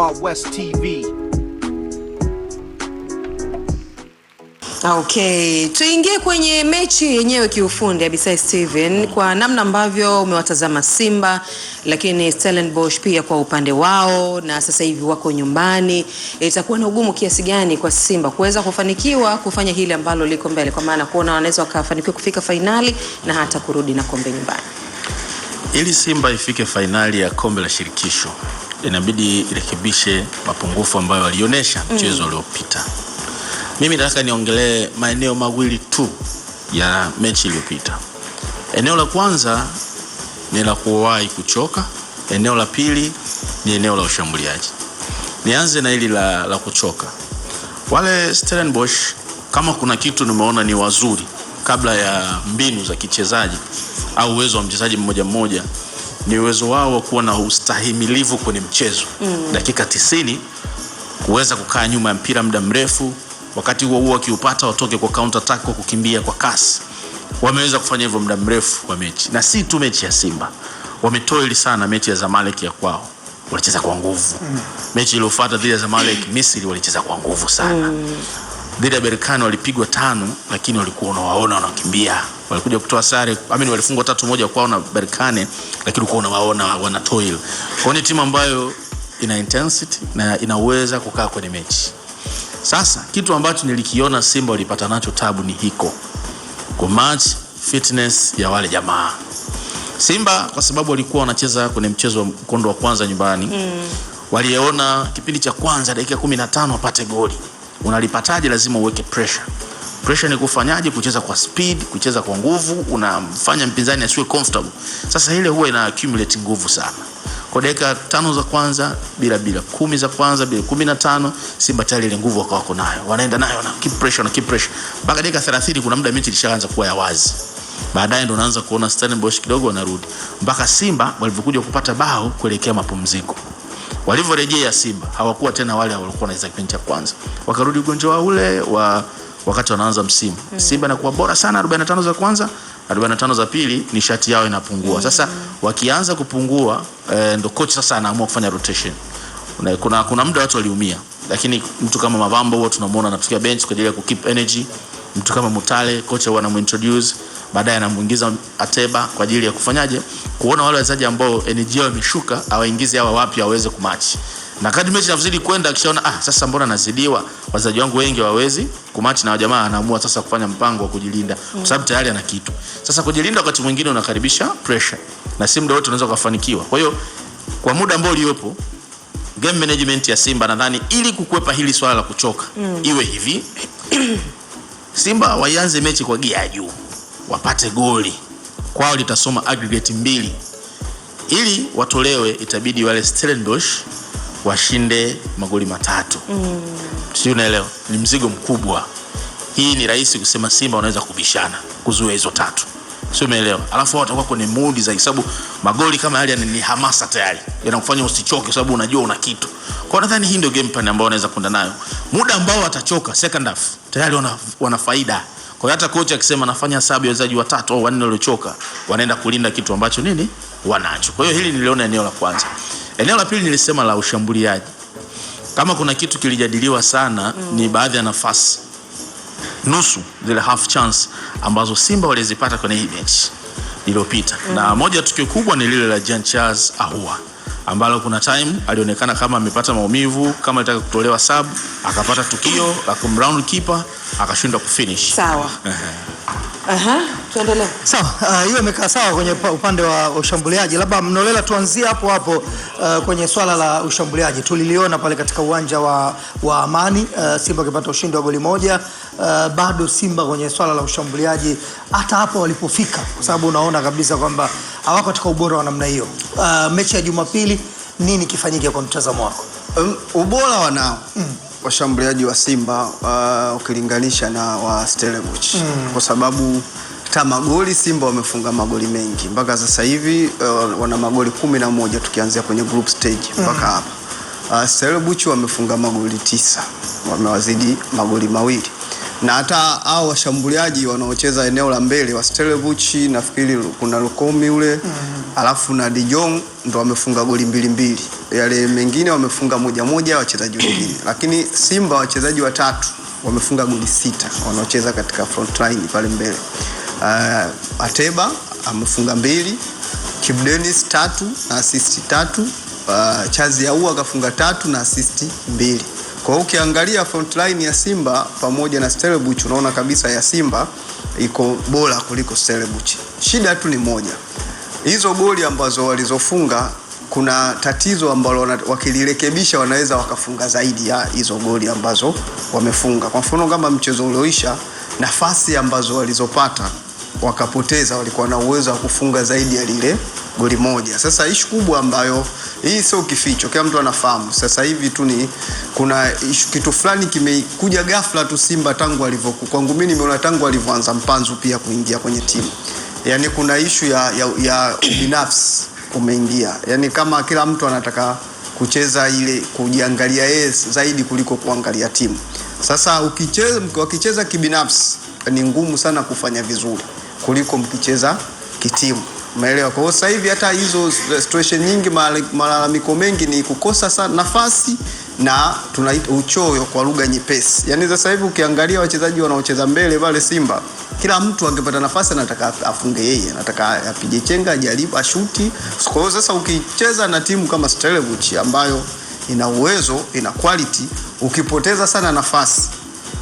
Wild West TV. Okay, tuingie kwenye mechi yenyewe kiufundi. Abisai Steven, kwa namna ambavyo umewatazama Simba lakini Stellenbosch pia kwa upande wao, na sasa hivi wako nyumbani, itakuwa na ugumu kiasi gani kwa Simba kuweza kufanikiwa kufanya hili ambalo liko mbele, kwa maana kuona wanaweza wakafanikiwa kufika fainali na hata kurudi na kombe nyumbani? Ili Simba ifike fainali ya kombe la shirikisho inabidi irekebishe mapungufu ambayo walionyesha mm. mchezo mm. uliopita. Mimi nataka niongelee maeneo mawili tu ya mechi iliyopita. Eneo la kwanza ni la kuwahi kuchoka, eneo la pili ni eneo la ushambuliaji. Nianze na hili la, la kuchoka. Wale Stellenbosch kama kuna kitu nimeona ni wazuri kabla ya mbinu za kichezaji au uwezo wa mchezaji mmoja mmoja ni uwezo wao wa kuwa na ustahimilivu kwenye mchezo mm. dakika tisini kuweza kukaa nyuma ya mpira muda mrefu, wakati huo huo wakiupata watoke kwa counter attack kwa kukimbia kwa kasi. Wameweza kufanya hivyo muda mrefu kwa mechi, na si tu mechi ya Simba, wametoili sana mechi ya Zamalek ya kwao walicheza kwa nguvu mm. mechi iliyofuata dhidi ya Zamalek mm. Misri walicheza kwa nguvu sana mm dhidi ya Berkane walipigwa tano, lakini walikuwa unawaona wanakimbia, walikuja kutoa sare amini, walifungwa tatu moja kwao na Berkane, lakini ulikuwa unawaona wanatoil. Kwa ni timu ambayo ina intensity na inaweza kukaa kwenye mechi. Sasa kitu ambacho nilikiona Simba walipata nacho tabu ni hiko kwa match fitness ya wale jamaa Simba, kwa sababu walikuwa wanacheza kwenye mchezo wa mkondo wa kwanza nyumbani mm. Waliona kipindi cha kwanza dakika 15 wapate goli Unalipataje? Lazima uweke pressure. Pressure ni kufanyaje? Kucheza kwa speed, kucheza kwa nguvu, unamfanya mpinzani asiwe comfortable. Sasa ile huwa ina accumulate nguvu sana. Kwa dakika tano za kwanza bila bila, kumi za kwanza bila, kumi na tano Simba tayari ile nguvu wakawa wako nayo, wanaenda nayo na keep pressure na keep pressure mpaka dakika 30. Kuna muda mechi ilishaanza kuwa ya wazi, baadaye ndo unaanza kuona Stellenbosch kidogo wanarudi, mpaka Simba walivyokuja kupata bao kuelekea mapumziko. Walivyorejea Simba hawakuwa tena wale walikuwa na kipindi cha kwanza, wakarudi ugonjwa wa ule wa wakati wanaanza msimu mm. Simba inakuwa bora sana 45 za kwanza 45 za pili nishati yao inapungua mm. Sasa wakianza kupungua eh, ndo coach sasa anaamua kufanya rotation. Una, Kuna, kuna muda watu waliumia, lakini mtu kama Mavambo huwa tunamuona anatukia bench kwa ajili ya kukeep energy. Mtu kama Mutale kocha huwa anamintroduce baadaye anamuingiza Ateba kwa ajili ya kufanyaje, kuona wale wachezaji ambao energy wameshuka awaingize hawa wapya waweze kumachi na kadri mechi inazidi kwenda, akishaona ah, sasa mbona nazidiwa, wachezaji wangu wengi hawawezi kumachi na wajamaa, anaamua sasa kufanya mpango wa kujilinda, kwa mm. sababu tayari ana kitu. Sasa kujilinda, wakati mwingine unakaribisha pressure na si muda wote unaweza kufanikiwa. Kwa hiyo kwa muda ambao uliopo, game management ya Simba nadhani, ili kukwepa hili swala la kuchoka, mm. iwe hivi Simba waianze mechi kwa gia juu wapate goli kwao, litasoma aggregate mbili. Ili watolewe itabidi wale Stellenbosch washinde magoli matatu mm. Sio, unaelewa? Ni mzigo mkubwa. Hii ni rahisi kusema Simba wanaweza kubishana kuzuia hizo tatu, sio, umeelewa? Alafu watakuwa kwenye mudi za sababu magoli kama yale ni hamasa tayari, yanakufanya usichoke, sababu unajua una kitu. Kwa nadhani hii ndio game plan ambayo wanaweza kwenda nayo, muda ambao watachoka second half tayari wana, wana faida. Kwa hiyo hata kocha akisema nafanya hesabu ya wachezaji watatu au wanne waliochoka, wanaenda kulinda kitu ambacho nini wanacho. Kwa hiyo hili niliona eneo la kwanza. Eneo la pili nilisema la ushambuliaji. Kama kuna kitu kilijadiliwa sana mm, ni baadhi ya nafasi nusu zile half chance ambazo Simba walizipata kwenye hii mechi iliyopita mm, na moja tukio kubwa ni lile la Jean Charles Ahoua ambalo kuna time alionekana kama amepata maumivu kama alitaka kutolewa sub, akapata tukio la kumround keeper akashindwa kufinish. Sawa. Aha. huh tuendelee. Sawa, ah, hiyo uh, imekaa sawa kwenye upande wa ushambuliaji. Labda Mnolela, tuanzie hapo hapo uh, kwenye swala la ushambuliaji tuliliona pale katika uwanja wa, wa Amani uh, Simba akipata ushindi wa goli moja uh, bado Simba kwenye swala la ushambuliaji hata hapo walipofika, kwa sababu unaona kabisa kwamba hawako katika ubora wa namna hiyo. Uh, mechi ya Jumapili nini kifanyike kwa mtazamo wako? Um, ubora wanao mm washambuliaji wa Simba uh, ukilinganisha na wa Stellenbosch mm. kwa sababu kama magoli Simba wamefunga magoli mengi mpaka sasa hivi, uh, wana magoli kumi na moja tukianzia kwenye group stage mpaka mm. hapa uh, ah, Stellenbosch wamefunga magoli tisa, wamewazidi magoli mawili na hata hao washambuliaji wanaocheza eneo la mbele wa Stellenbosch nafikiri kuna Lukomi ule mm -hmm. alafu na Dijon ndo wamefunga goli mbili mbili, yale mengine wamefunga moja moja wachezaji wengine lakini Simba wachezaji watatu wamefunga goli sita wanaocheza katika front line pale mbele uh, Ateba amefunga mbili, Kibu Denis tatu na assist tatu, uh, Chazi yau akafunga tatu na assist mbili. Kwa hiyo ukiangalia front line ya Simba pamoja na Stellenbosch unaona kabisa ya Simba iko bora kuliko Stellenbosch. Shida tu ni moja, hizo goli ambazo walizofunga kuna tatizo ambalo wakilirekebisha wanaweza wakafunga zaidi ya hizo goli ambazo wamefunga. Kwa mfano kama mchezo ulioisha, nafasi ambazo walizopata wakapoteza, walikuwa na uwezo wa kufunga zaidi ya lile goli moja. Sasa ishu kubwa ambayo hii sio kificho, kila mtu anafahamu. Sasa hivi tu ni kuna ishu, kitu fulani kimekuja ghafla tu Simba tangu alivyoku, kwangu mimi nimeona tangu alivyoanza Mpanzu pia kuingia kwenye timu, yaani kuna ishu ya, ya, ya binafsi kumeingia, yaani kama kila mtu anataka kucheza ile kujiangalia yeye zaidi kuliko kuangalia timu. Sasa ukicheza, wakicheza kibinafsi ni ngumu sana kufanya vizuri kuliko mkicheza kitimu. Umeelewa? Kwa hiyo sasa hivi hata hizo situation nyingi, malalamiko mengi ni kukosa sana nafasi na tunaita uchoyo kwa lugha nyepesi. Yaani sasa hivi ukiangalia wachezaji wanaocheza mbele pale Simba, kila mtu angepata nafasi anataka afunge yeye, anataka apige chenga, ajaribu ashuti. Kwa hiyo sasa ukicheza na timu kama Stellenbosch ambayo ina uwezo, ina quality, ukipoteza sana nafasi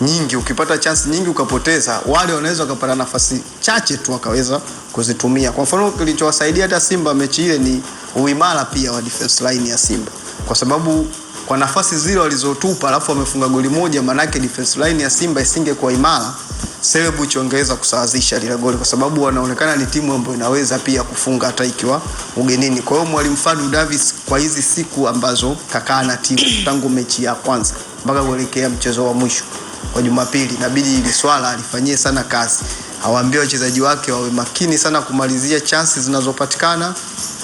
nyingi, ukipata chance nyingi ukapoteza, wale wanaweza wakapata nafasi chache tu wakaweza kuzitumia. Kwa mfano, kilichowasaidia hata Simba mechi ile ni uimara pia wa defense line ya Simba, kwa sababu kwa nafasi zile walizotupa, alafu wamefunga goli moja, maanake defense line ya Simba isingekuwa imara, Selebuchi wangeweza kusawazisha lile goli, kwa sababu wanaonekana ni timu ambayo inaweza pia kufunga hata ikiwa ugenini. Kwa hiyo mwalimu fadu Davis kwa hizi siku ambazo kakaa na timu tangu mechi ya kwanza mpaka kuelekea mchezo wa mwisho wa Jumapili inabidi ile swala alifanyie sana kazi, awaambie wachezaji wake wawe makini sana kumalizia chansi zinazopatikana,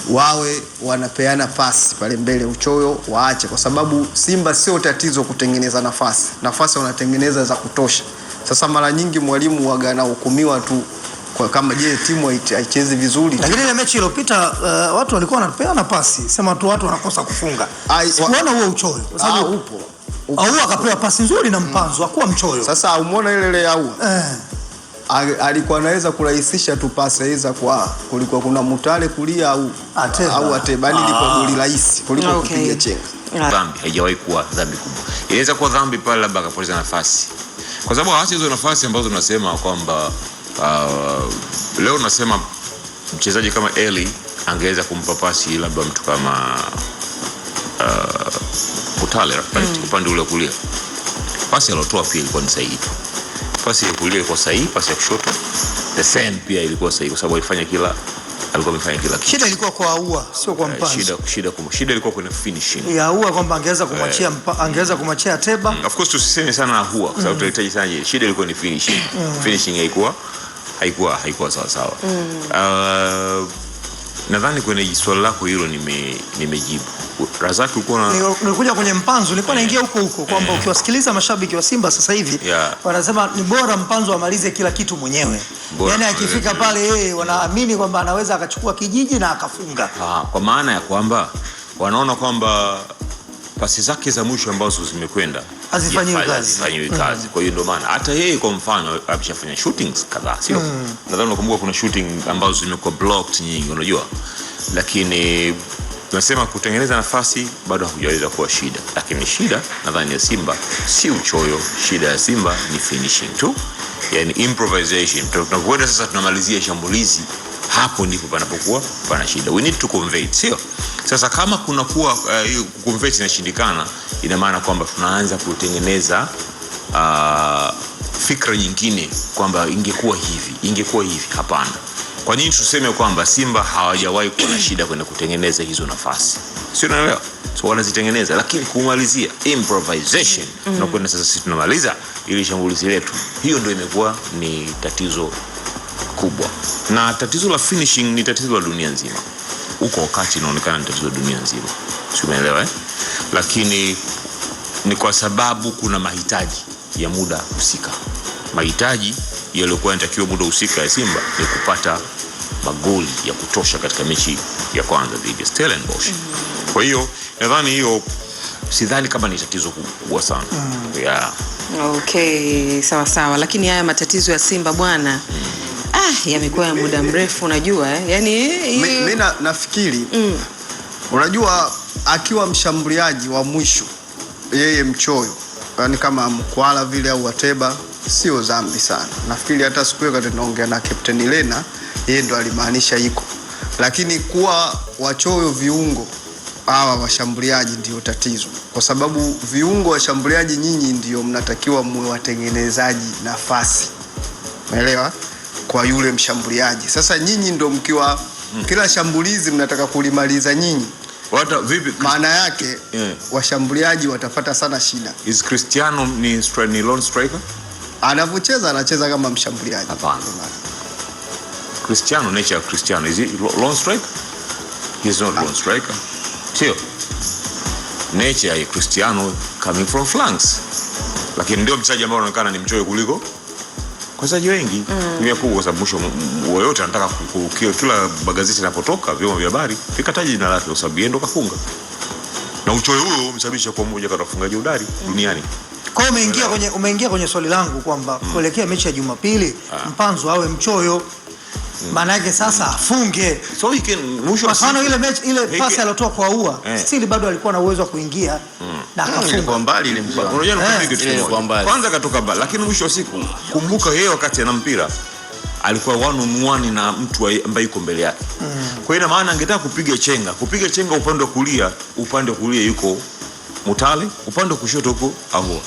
wawe wanapeana pasi pale mbele, uchoyo waache, kwa sababu Simba sio tatizo kutengeneza nafasi, nafasi wanatengeneza za kutosha. Sasa mara nyingi mwalimu waga anahukumiwa tu kwa kama je, timu haichezi vizuri. Lakini ile mechi iliyopita uh, watu walikuwa wanapeana pasi, sema tu watu wanakosa kufunga. Sikuona huo uchoyo, kwa sababu ah, upo Aua akapewa pasi nzuri na mpanzo hakuwa mchoyo. Sasa umeona ile ile Aua eh, alikuwa anaweza kurahisisha tu pasi hizo, kwa kulikuwa kuna Mutale kulia au au Atebani, kwa ah. goli rahisi kuliko kupiga chenga. Ah. Dhambi haijawahi kuwa dhambi kubwa, inaweza kuwa dhambi pale labda akapoteza nafasi, kwa sababu hasa hizo nafasi ambazo tunasema kwamba uh, leo nasema mchezaji kama Eli angeweza kumpa pasi labda mtu kama uh, Mutale mm. upande ule wa kulia, pasi alotoa pia ilikuwa ni sahihi, pasi ya kulia ilikuwa sahihi, pasi ya kushoto the same pia ilikuwa sahihi, kwa sababu alifanya kila alikuwa amefanya kila kitu. Shida ilikuwa kwa aua sio kwa eh, mpanzi Shida shida kwa shida ilikuwa kwa finishing ya aua kwamba angeweza eh. kumwachia angeweza kumwachia Ateba. Mm, of course tusiseme sana aua kwa sababu mm. tunahitaji sana. Shida ilikuwa ni finishing, mm. finishing haikuwa haikuwa haikuwa sawa sawa. Uh, Nadhani kwenye swali lako hilo nime nimejibu. Razaki, ulikuwa na nilikuja kwenye mpanzo, nilikuwa eh. naingia huko huko kwamba eh. ukiwasikiliza mashabiki wa Simba sasa hivi yeah, wanasema ni bora mpanzo amalize kila kitu mwenyewe, yaani akifika pale yeye wanaamini kwamba anaweza akachukua kijiji na akafunga. Ah, kwa maana ya kwamba wanaona kwamba pasi zake za mwisho ambazo zimekwenda hazifanyiwi kazi, mm. kazi. Kwa hiyo ndio maana hata yeye kwa mfano ameshafanya shootings kadhaa, sio mm. Nadhani unakumbuka kuna shooting ambazo zimekuwa blocked nyingi, unajua, lakini tunasema kutengeneza nafasi bado hakujaweza kuwa shida, lakini shida nadhani ya Simba si uchoyo. Shida ya Simba ni finishing tu, yani improvisation. Tunapokwenda sasa, tunamalizia shambulizi hapo ndipo panapokuwa pana shida. We need to convey sio? Sasa kama kuna kuwa uh, eh, convey inashindikana, ina maana kwamba tunaanza kutengeneza uh, fikra nyingine kwamba ingekuwa hivi, ingekuwa hivi. Hapana. Kwa nini tuseme kwamba Simba hawajawahi kuwa na shida kwenda kutengeneza hizo nafasi, sio? Unaelewa? So wanazitengeneza, lakini kumalizia improvisation mm -hmm. Tunakwenda sasa, sisi tunamaliza ili shambulizi letu, hiyo ndio imekuwa ni tatizo kubwa, na tatizo la finishing ni tatizo la dunia nzima. Huko wakati inaonekana ni tatizo la dunia nzima, si umeelewa eh? Lakini ni kwa sababu kuna mahitaji ya muda husika. Mahitaji yaliyokuwa yanatakiwa muda husika ya Simba ni kupata magoli ya kutosha katika mechi ya kwanza dhidi ya Stellenbosch. Mm-hmm. Kwa hiyo nadhani hiyo sidhani kama ni tatizo kubwa sana mm. Yeah. Okay, sawa sawa, lakini haya matatizo ya Simba bwana mm. Ah, yamekuwa ya muda mrefu unajua eh? Yani, mimi na, nafikiri mm. Unajua akiwa mshambuliaji wa mwisho yeye mchoyo, yani kama mkwala vile au wateba, sio dhambi sana. Nafikiri hata siku hiyo kati tunaongea na Captain Lena, yeye ndo alimaanisha iko, lakini kuwa wachoyo viungo hawa washambuliaji ndio tatizo, kwa sababu viungo washambuliaji nyinyi ndio mnatakiwa muwe watengenezaji nafasi, umeelewa? kwa yule mshambuliaji. Sasa nyinyi ndio mkiwa hmm. kila shambulizi mnataka kulimaliza nyinyi Wata, vipi maana yake yeah. Washambuliaji watapata sana shida. Is Cristiano ni, ni lone striker? Anapocheza anacheza kama mshambuliaji. Hapana. Cristiano, nature of Cristiano, is he lone striker? He is not ah. lone striker. Sio. Nature ya Cristiano coming from flanks. Lakini ndio mchezaji ambaye anaonekana ni mchoyo kuliko wachezaji wengi mm. kubwa, kwa sababu mwisho woyote anataka kila magazeti yanapotoka, vyombo vya habari vikataji jina lake, kwa sababu yeye ndo kafunga, na uchoyo huo umsababisha kwa mmoja kwa kufungaji udari mm. duniani. Kwa hiyo umeingia kwenye, umeingia kwenye swali langu kwamba mm. kuelekea mechi ya Jumapili ah. mpanzo awe mchoyo. Mm. maana yake sasa afunge. Mm. So he can mwisho mfano ile mechi ile pasi aliyotoa kwa ua eh. still bado alikuwa na uwezo wa kuingia mm. na akafunga kwa mbali ile mpira. Unajua ni eh. kitu kile kwa mbali. Kwanza katoka mbali lakini mwisho wa siku kumbuka yeye wakati ana mpira alikuwa one on one na mtu ambaye yuko mbele yake. Kwa hiyo ina maana angetaka kupiga chenga, kupiga chenga upande wa kulia, upande wa kulia yuko Mutale upande wa kushoto huko Ahoua.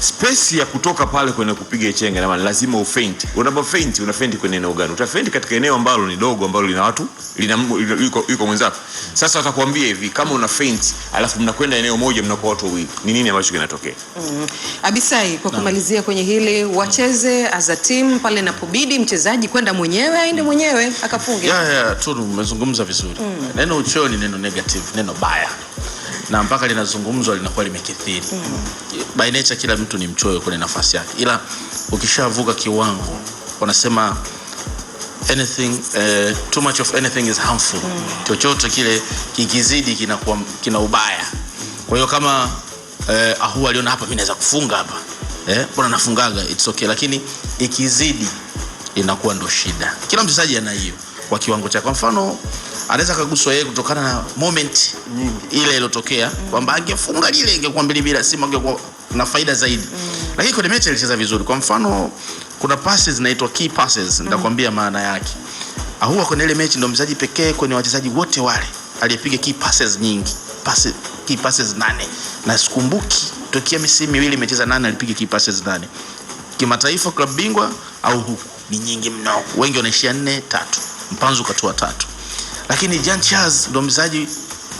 Space ya kutoka pale kwenda kupiga chenga na maana lazima ufaint. Unapo faint una faint kwenye eneo gani? Utafaint katika eneo ambalo ni dogo ambalo lina watu, lina yuko yuko mwenzako. Sasa watakwambia hivi kama una faint alafu mnakwenda eneo moja mnako watu wawili. Ni nini ambacho kinatokea? Mm. Abisai kwa kumalizia kwenye hili wacheze as a team pale inapobidi mchezaji kwenda mwenyewe aende mwenyewe akafunge. Yeah, yeah, tu umezungumza vizuri. Mm. Neno uchoyo ni neno negative, neno baya na mpaka linazungumzwa linakuwa limekithiri mm. By nature kila mtu ni mchoyo kwenye nafasi yake, ila ukishavuka kiwango wanasema anything uh, too much of anything is harmful mm. Chochote kile kikizidi kinakuwa kina ubaya. Kwa hiyo kama uh, ahu aliona hapa mimi naweza kufunga hapa eh, mbona nafungaga, it's okay, lakini ikizidi inakuwa ndo shida. Kila mchezaji ana hiyo kwa kiwango chake, kwa mfano anaweza kaguswa yeye kutokana na moment nyingi ile iliyotokea kwamba angefunga lile ingekuwa mbili bila simu angekuwa na faida zaidi Lakini kwenye mechi alicheza vizuri. Kwa mfano kuna passes zinaitwa key passes, nitakwambia maana yake. Ahua kwenye ile mechi ndio mchezaji pekee kwenye wachezaji wote wale aliyepiga key passes nyingi passes, key passes nane, na sikumbuki tokia misimu miwili imecheza nane, alipiga key passes nane kimataifa, klabu bingwa au huku, ni nyingi mno. Wengi wanaishia nne tatu, mpanzo katoa tatu lakini Jean Charles ndo mchezaji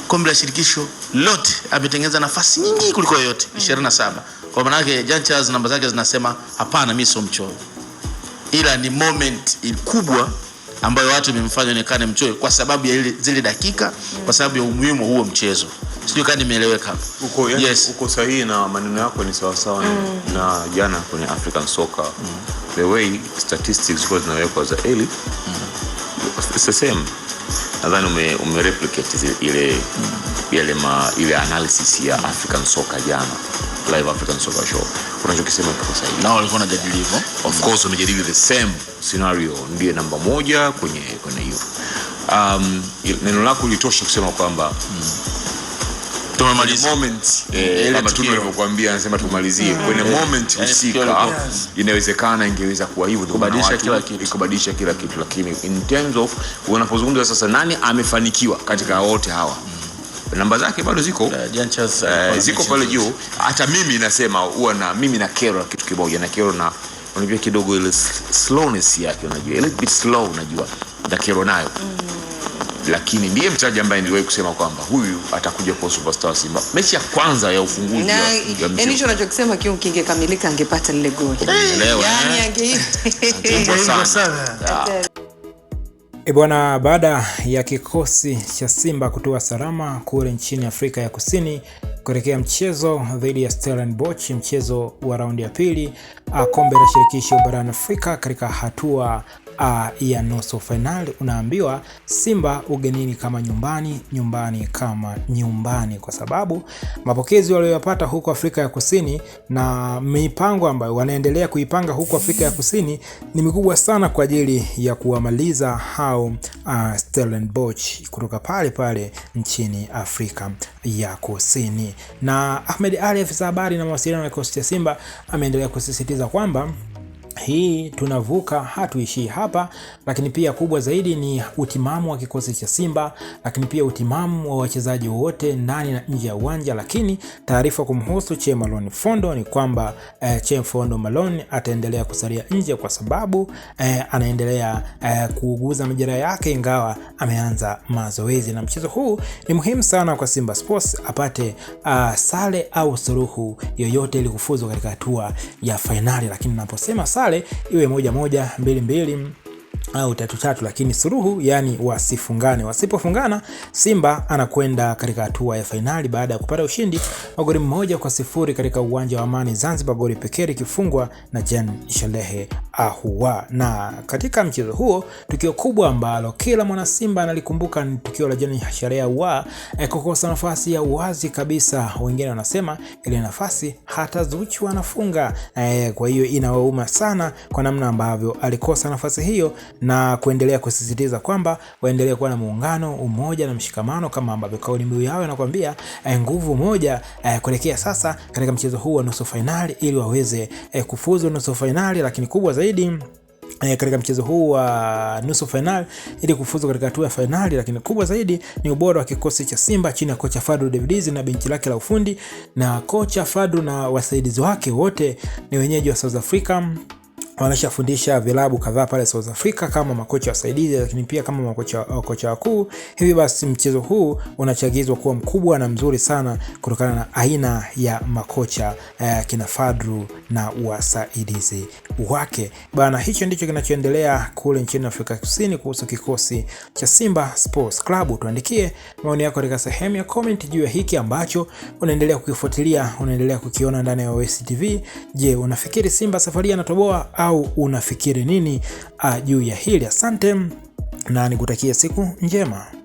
kombe la shirikisho lote ametengeneza nafasi nyingi kuliko yoyote 27. Mm. Kwa maana yake Jean Charles namba zake zinasema hapana, mimi sio mchoyo, ila ni moment kubwa ambayo watu wamemfanya onekane mchoyo kwa sababu ya ile zile dakika, mm. kwa sababu ya umuhimu huo mchezo. Sijui kama nimeeleweka uko. Yes, uko sahihi na maneno yako ni sawa sawa mm. na jana kwenye African Soccer mm. the way statistics zinawekwa za elite mm. it's the same nadhani ume, ume replicate ile ile ma, ile analysis ya African Soccer jana live African Soccer show. Unachokisema sasa hivi. Na walikuwa wanajadili hivyo. Of course wamejadili the same scenario, ndiye namba moja kwenye kwenye hiyo. Um, neno lako lilitosha kusema kwamba mm tumemaliza moment eh, eh, anasema tumalizie kwenye ah. moment eh, husika. Inawezekana ingeweza kuwa hivyo, kubadilisha kila kitu, ikubadilisha kila kitu, lakini in terms of unapozungumza sasa, nani amefanikiwa katika wote hawa hmm. namba zake bado ziko uh, ziko pale juu. Hata mimi nasema huwa na mimi na kero kitu kimoja, na kero na unajua kidogo ile slowness yake, unajua a bit slow, unajua na nayo mm lakini ndiye mtaji ambaye niliwahi kusema kwamba huyu atakuja kwa superstar Simba. Mechi ya kwanza ya ufunguzi na yani, hicho anachosema kiu kingekamilika, angepata lile goli eh? yani angeita sana E bwana, baada ya kikosi cha Simba kutua salama kule nchini Afrika ya Kusini kuelekea mchezo dhidi ya Stellenbosch, mchezo wa raundi ya pili kombe la shirikisho barani Afrika katika hatua uh, ya nusu fainali unaambiwa Simba ugenini kama nyumbani, nyumbani kama nyumbani, kwa sababu mapokezi walioyapata huko Afrika ya Kusini na mipango ambayo wanaendelea kuipanga huko Afrika ya Kusini ni mikubwa sana kwa ajili ya kuwamaliza hao uh, Stellenbosch kutoka pale pale nchini Afrika ya Kusini. Na Ahmed Ali, afisa habari na mawasiliano ya kikosi cha Simba, ameendelea kusisitiza kwamba hii tunavuka, hatuishii hapa, lakini pia kubwa zaidi ni utimamu wa kikosi cha Simba, lakini pia utimamu wa wachezaji wote ndani na nje ya uwanja. Lakini taarifa kumhusu Che Malone Fondo ni kwamba eh, Che Fondo Malone ataendelea kusalia nje kwa sababu eh, anaendelea eh, kuuguza majeraha yake, ingawa ameanza mazoezi, na mchezo huu ni muhimu sana kwa Simba Sports apate uh, sare au suluhu yoyote ili kufuzu katika hatua ya fainali. Lakini naposema sale, pale iwe moja moja mbili mbili au tatu tatu, lakini suruhu, yani wasifungane. Wasipofungana, Simba anakwenda katika hatua ya fainali baada ya kupata ushindi wa goli mmoja kwa sifuri katika uwanja wa Amani Zanzibar, goli pekee likifungwa na Jan Shalehe Ahua. Na katika mchezo huo tukio kubwa ambalo kila mwana Simba analikumbuka ni tukio la John Sherehe Ahoua eh, kukosa nafasi ya wazi kabisa. Wengine wanasema ile nafasi hata Zuchu anafunga eh, kwa hiyo inawauma sana kwa namna ambavyo alikosa nafasi hiyo na kuendelea kusisitiza kwamba waendelee kuwa na muungano, umoja na mshikamano kama ambavyo kauli mbiu yao inakwambia eh, nguvu moja eh, kuelekea sasa katika mchezo huu wa nusu fainali ili waweze eh, kufuzu nusu fainali, lakini kubwa zaidi zaidi E, katika mchezo huu wa nusu fainali ili kufuzu katika hatua ya fainali, lakini kubwa zaidi ni ubora wa kikosi cha Simba chini ya kocha Fadlu Davids na benchi lake la ufundi. Na kocha Fadlu na wasaidizi wake wote ni wenyeji wa South Africa wanashafundisha vilabu kadhaa pale South Africa kama makocha wasaidizi, lakini pia kama makocha uh, kocha wakuu. Hivi basi mchezo huu unachagizwa kuwa mkubwa na mzuri sana kutokana na aina ya makocha eh, kina Fadru na wasaidizi wake bana. Hicho ndicho kinachoendelea kule nchini Afrika Kusini kuhusu kikosi cha Simba Sports Club. Tuandikie maoni yako katika sehemu ya comment juu ya hiki ambacho unaendelea kukifuatilia, unaendelea kukiona ndani ya OSTV. Je, unafikiri Simba safari anatoboa au unafikiri nini ah, juu ya hili? Asante na nikutakie siku njema.